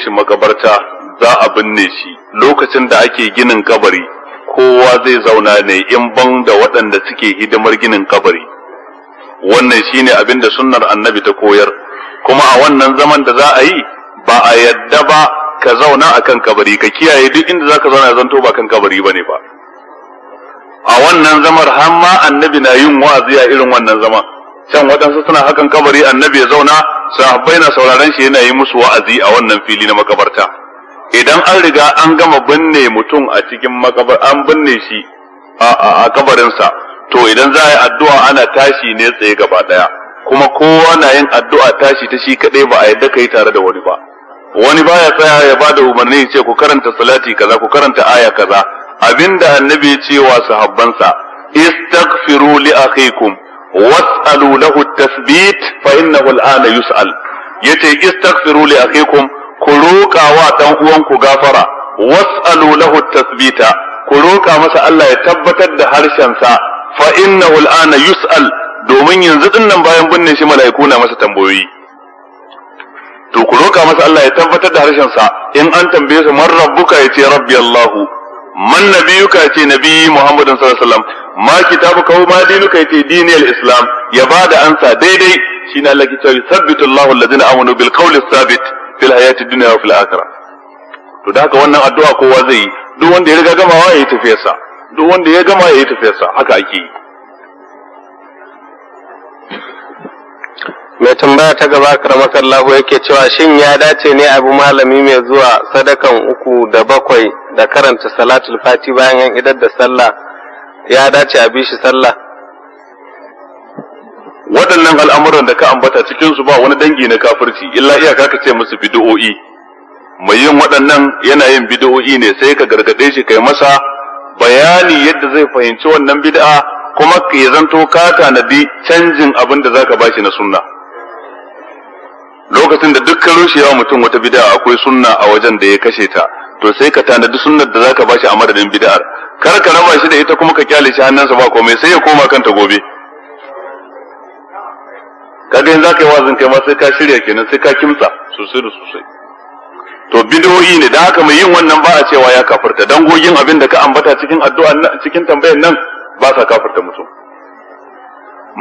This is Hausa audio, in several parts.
shi makabarta za a binne shi lokacin da ake ginin kabari kowa zai zauna ne in ban da waɗanda suke hidimar ginin kabari wannan shine abin da sunnar annabi ta koyar kuma a wannan zaman da za a yi ba a yadda ba ka zauna a kan kabari ka kiyaye duk inda za ka zauna zanto ba kan kabari ba ne ba a wannan zamar har ma annabi na yin wa'azi a irin wannan zaman can waɗansu suna hakan kabari annabi ya zauna sahabbai na sauraron shi yana yi musu wa'azi a wannan fili na makabarta idan an riga an gama binne mutum a cikin makabar an binne shi a kabarinsa to idan za a yi addu'a ana tashi ne tsaye gaba daya kuma kowa na yin addu'a tashi ta shi kadai ba a yadda yi tare da wani ba wani baya tsaya ya bada umarni ce ku karanta salati kaza ku karanta aya kaza abinda annabi ya ce wa sahabbansa istaghfiru li akhikum was'alu lahu tasbit fa innahu al'ana yus'al yace istaghfiru li akhikum ku roƙa wa dan uwanku gafara was'alu lahu tasbita ku roƙa masa Allah ya tabbatar da harshensa fa innahu al'ana yus'al domin yanzu nan bayan binne shi mala'iku na masa tambayoyi to ku roƙa masa Allah ya tabbatar da harshen sa in an tambaye su man rabbuka yace rabbi Allah man nabiyuka yace nabi Muhammadu sallallahu alaihi wasallam ma kitabu kawo ma dinuka yace al islam ya bada ansa daidai shine Allah ke cewa sabbitu Allahu alladhina amanu bil qawli sabit fil hayati dunya wa fil akhirah to da haka wannan addu'a kowa zai yi duk wanda ya riga gamawa yi tafiyarsa duk wanda ya gama yayi tafiyarsa haka ake yi mai tambaya ta gaba karamar lahu yake cewa shin ya dace ne abu malami mai zuwa sadakan uku da bakwai da karanta salatul fati bayan yan idar da sallah ya dace a bi shi sallah waɗannan al'amuran da ka ambata cikin su ba wani dangi na kafirci illa iyaka ka ce musu bid'o'i mai yin waɗannan yana yin bid'o'i ne sai ka gargaɗe shi kai masa bayani yadda zai fahimci wannan bid'a kuma ya zanto ka tanadi canjin abin da zaka bashi na sunna lokacin da dukkan rushe yawa mutum wata bid'a akwai sunna a wajen da ya kashe ta to sai ka tanadi sunnar da zaka bashi a madadin bid'ar kar ka raba shi da ita kuma ka kyale shi hannunsa ba komai sai ya koma kanta gobe kaga in zaka yi wazin kai ma sai ka shirya kenan sai ka kimsa sosai da sosai to bidiyoyi ne da haka mai yin wannan ba a cewa ya kafirta dangogin abin da ka ambata cikin addu'a cikin tambayar nan ba sa kafirta mutum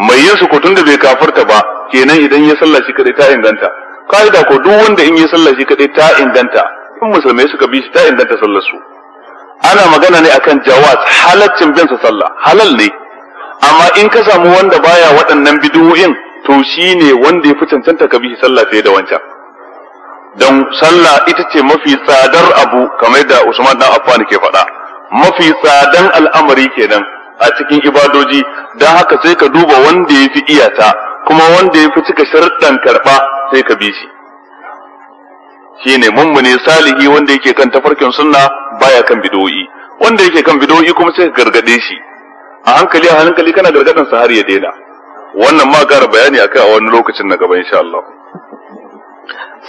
mai yin sukutun da bai kafirta ba kenan idan ya sallah shi kadai ta inganta ka'ida ko duk wanda in ya sallah shi kadai ta inganta in musulmai suka bi shi ta inganta sallar su ana magana ne akan jawaz halaccin bin sallah halal ne amma in ka samu wanda baya waɗannan bidiyoyin to shine wanda ya fi cancanta ka bi sallah fiye da wancan don sallah ita ce mafi tsadar abu kamar da Usman dan Affan ke faɗa mafi tsadan al'amari kenan a cikin ibadoji don haka sai ka duba wanda ya fi iyata kuma wanda ya fi cika sharɗan karɓa sai ka bi shi shine mummune salihi wanda yake kan tafarkin sunna baya kan bidoyi wanda yake kan bidoyi kuma sai ka gargade shi a hankali a hankali kana gargadan sa har ya daina wannan ma gara bayani akai a wani lokacin na gaba insha Allah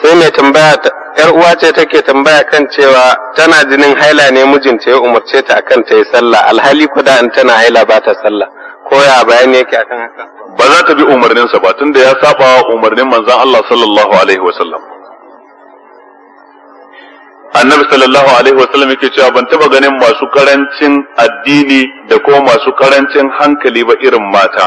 sai mai tambaya yar uwa ce take tambaya kan cewa tana jinin haila ne mijinta ya umarce ta akan ta yi sallah alhali kuda da in tana haila ba ta sallah ko ya bayani yake akan haka ba za ta bi umarninsa ba tunda ya saba umarnin manzon Allah sallallahu alaihi wasallam annabi sallallahu alaihi wasallam yake cewa ban taba ganin masu karancin addini da kuma masu karancin hankali ba irin mata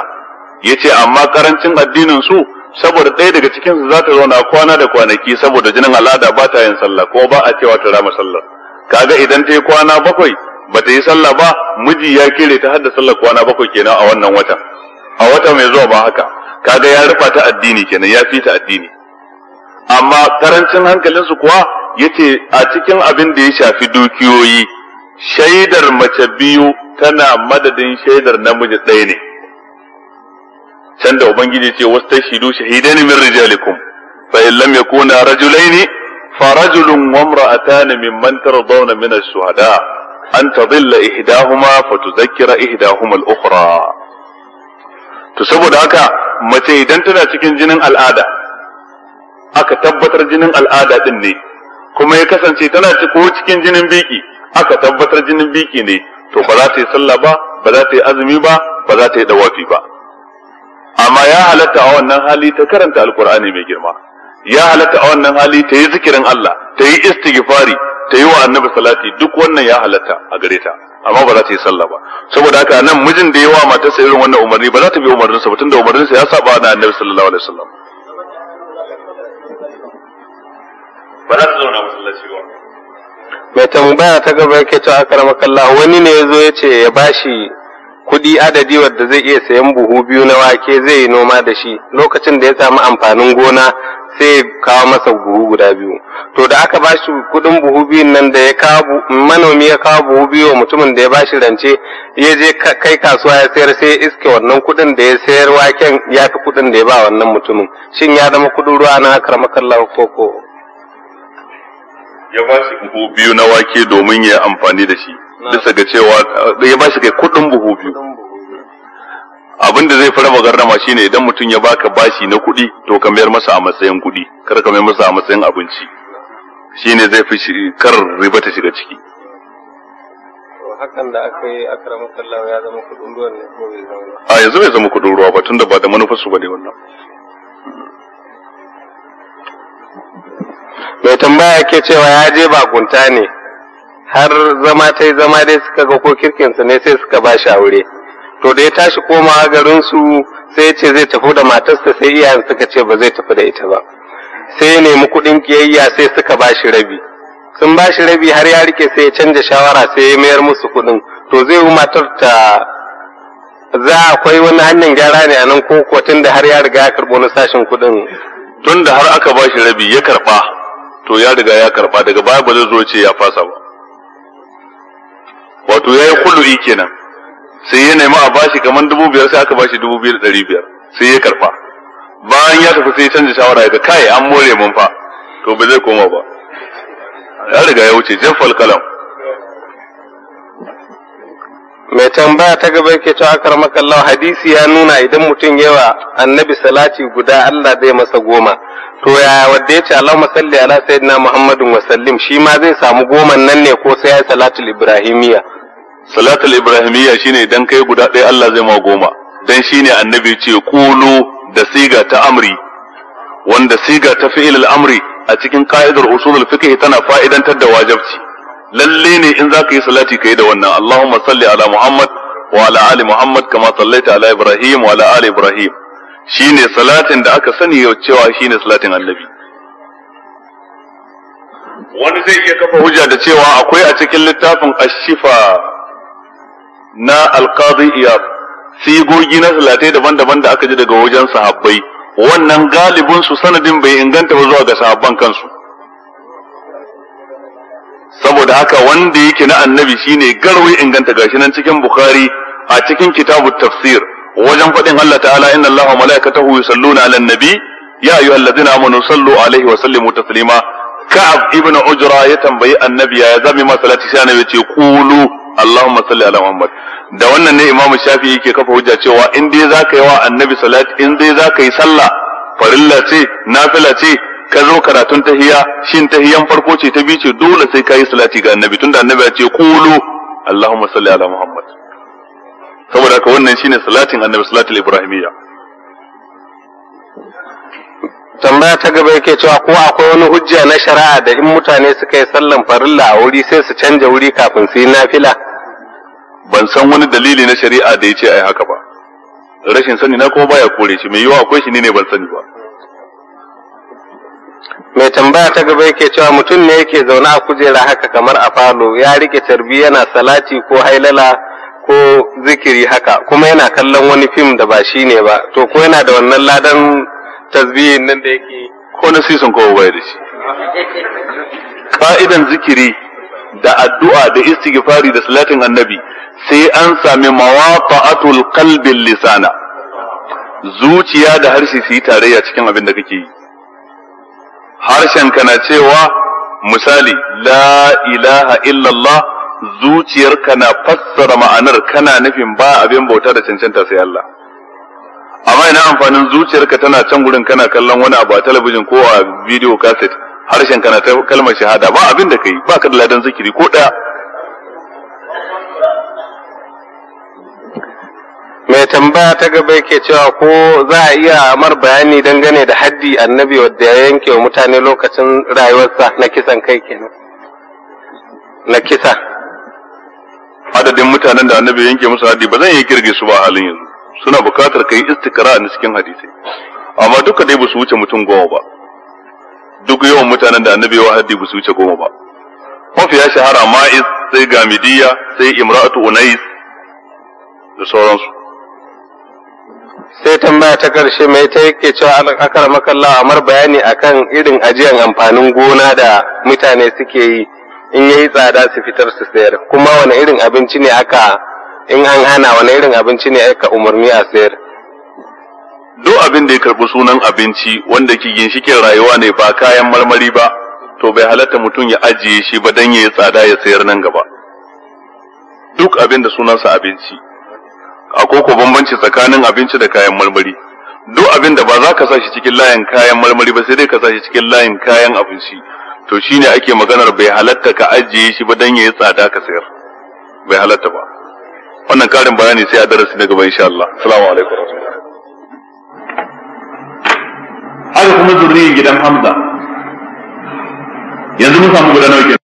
yace amma karancin addinin su saboda ɗaya daga cikin su zata zauna kwana da kwanaki saboda jinin al'ada ba ta yin sallah ko ba a cewa ta rama sallah kaga idan ta yi kwana bakwai ba ta yi sallah ba miji ya kire ta hadda sallah kwana bakwai kenan a wannan watan a wata mai zuwa ba haka kaga ya rufa ta addini kenan ya fi ta addini amma karancin hankalinsu kuwa yace a cikin abin da ya shafi dukiyoyi shaidar mace biyu tana madadin shaidar namiji ɗaya ne can da ubangiji ce wastashidu shahidan min rijalikum fa in lam yakuna rajulaini fa rajulun wa imra'atan mimman tardawna min ash-shuhada an tadilla ihdahuma fa tudhakkira ihdahuma al-ukhra to saboda haka mace idan tana cikin jinin al'ada aka tabbatar jinin al'ada din ne kuma ya kasance tana ko cikin jinin biki aka tabbatar jinin biki ne to ba za ta yi sallah ba ba za ta yi azumi ba ba za ta yi dawafi ba amma ya halatta a wannan hali ta karanta alkur'ani mai girma ya halatta a wannan hali ta yi zikirin Allah ta yi istighfari ta yi wa annabi salati duk wannan ya halatta a gare ta amma ba za ta yi sallah ba saboda haka nan mijin da ya wa matarsa irin wannan umarni ba za ta bi umarninsa ba tunda umarninsa ya saba da annabi sallallahu alaihi wasallam ba za ta zauna masallaci ba mai tambaya ta gaba yake cewa akaramakallah wani ne ya zo ya ce ya bashi kuɗi adadi wadda zai iya sayan buhu biyu na wake zai yi noma da shi lokacin da ya samu amfanin gona sai kawo masa buhu guda biyu to da aka bashi kuɗin buhu biyun nan da ya kawo manomi ya kawo buhu biyu wa mutumin da ya bashi rance ya je kai kasuwa ya sayar sai iske wannan kuɗin da ya sayar waken ya fi kuɗin da ya ba wannan mutumin shin ya zama kuɗin ruwa na karamakallah ko ya ba shi buhu biyu na wake domin ya amfani da shi bisa ga cewa eh, ya ba shi kai kudin buhu biyu abin da zai fara magarrama shine idan mutum ya baka bashi na kuɗi to ka mayar masa a matsayin kuɗi kar ka mayar masa a matsayin abinci shine zai fi kar riba ta shiga ciki hakan da aka yi a karamin ya zama kudin ruwa ne ko bai zama a yanzu bai zama kudin ruwa ba tunda ba da manufarsu ba ne wannan mai tambaya ke cewa ya je bakunta ne har zama ta yi zama dai suka ga ko kirkinsu ne sai suka ba shi aure to da ya tashi komawa garinsu sai ce zai tafi da matarsa sai iyayen suka ce ba zai tafi da ita ba sai ya nemi kuɗin kiyayya sai suka ba shi rabi sun ba shi rabi har ya rike sai ya canja shawara sai ya mayar musu kuɗin to zai yi matar ta za akwai wani hannun gyara ne a nan ko tun da har ya riga ya karɓo na sashen kuɗin tun da har aka ba shi rabi ya karɓa to ya riga ya karba daga baya ba zai zo ce ya fasa ba wato ya yi kullu'i kenan sai ya nemi a bashi kamar dubu biyar sai aka bashi dubu biyar da ɗari biyar sai ya karba bayan ya tafi sai ya canza shawara ga kai an more mun fa to ba zai koma ba ya riga ya wuce jaffal kalam mai tambaya ta gaba ke cewa akar makallawa hadisi ya nuna idan mutum yawa annabi salati guda Allah zai masa goma to yaya wadda ya ce Allahumma salli ala sayyidina Muhammadin wa sallim shi ma zai samu goma nan ne ko sai ya salatul ibrahimiyya salatul ibrahimiyya shine idan kai guda ɗaya Allah zai ma goma dan shine annabi ce Kulu da siga ta amri wanda siga ta fi'il al-amri a cikin ka'idar usulul fiqh tana fa'idantar da wajibci lalle ne in zaka yi salati ka yi da wannan Allahumma salli ala Muhammad wa ala ali Muhammad kama sallaita ala Ibrahim wa ala ali Ibrahim shine salatin da aka sani yau cewa shine salatin annabi wani zai iya kafa hujja da cewa akwai a cikin littafin ashifa na alqadi iyab sigogi na salatai daban-daban da aka ji daga wajen sahabbai wannan galibin su sanadin bai inganta ba zuwa ga sahabban kansu saboda haka wanda yake na annabi shine garwi inganta gashi nan cikin bukhari a cikin kitabu tafsir wajen faɗin Allah ta'ala inna Allah wa malaikatahu yusalluna ala nabi ya ayyuhallazina amanu sallu alaihi wa sallimu taslima ka'ab ibn ujra ya tambayi annabi ya zami ma salati sai annabi ce qulu allahumma salli ala muhammad da wannan ne imamu shafi yake kafa hujja cewa in dai zaka yi wa annabi salati in dai zaka yi sallah farilla ce nafila ce ka zo karatun tahiya shin tahiyan farko ce ta biyu ce dole sai ka yi salati ga annabi tunda annabi ya ce Kulu, allahumma salli ala muhammad saboda ka wannan shine salatin annabi salatul ibrahimiyya tambaya ta gaba yake cewa ko akwai wani hujja na shari'a da in mutane suka yi sallan farilla a wuri sai su canja wuri kafin su yi nafila ban san wani dalili na shari'a da ya ce ai haka ba rashin sani na kuma baya kore shi mai yiwa akwai shi ne ban sani ba mai tambaya ta gaba yake cewa mutum ne yake zaune a kujera haka kamar a falo ya rike tarbi yana salati ko hailala ko zikiri haka kuma yana kallon wani fim da ba shi ne ba to ko yana da wannan ladan tasbihin nan da yake ko na sisin ko bai da shi Ka'idan zikiri da addu'a da istighfari da salatin annabi sai an sami mawafa'atul qalbi lisana zuciya da harshe su yi tarayya cikin abin da kake yi harshenka na cewa misali la ilaha illallah zuciyarka na fassara ma'anar kana nufin ba abin bauta da cancanta sai Allah amma ina amfanin zuciyarka tana can gurin kana kallon wani abu a talabijin ko a video cassette harshenka na ta kalmar shahada ba abin da kai ba ka da ladan zikiri ko ɗaya. mai tambaya ta gaba yake cewa ko za a iya mar bayani dangane da haddi annabi wadda ya yanke wa mutane lokacin rayuwarsa na kisan kai kenan na kisa adadin mutanen da annabi yanke musu haddi ba zan yi kirge su ba halin yanzu suna bukatar kai istikara a cikin hadisai amma duka dai ba su wuce mutum goma ba duk yawan mutanen da annabi ya haddi ba su wuce goma ba mafiya shahara ma'iz sai gamidiya sai imra'atu unais da sauransu sai tambaya ta karshe mai ta yake cewa alal akar makalla amar bayani akan irin ajiyan amfanin gona da mutane suke yi in yayi tsada su fitar su sayar kuma wani irin abinci ne aka in an hana wani irin abinci ne aka umarni a sayar duk abin da ya karbi sunan abinci wanda ke ginshikin rayuwa ne ba kayan marmari ba to bai halatta mutum ya ajiye shi ba dan yayi tsada ya sayar nan gaba duk abin da sunansa abinci akwai ko bambanci tsakanin abinci da kayan marmari duk abin da ba za ka sa shi cikin layin kayan marmari ba sai dai ka sa shi cikin layin kayan abinci to shine ake maganar bai halatta ka ajiye shi ba dan yayi tsada ka sayar bai halatta ba wannan karin bayani sai a darasi na gaba insha Allah assalamu alaikum haka kuma zurriyin gidan Hamza yanzu mun samu guda nawa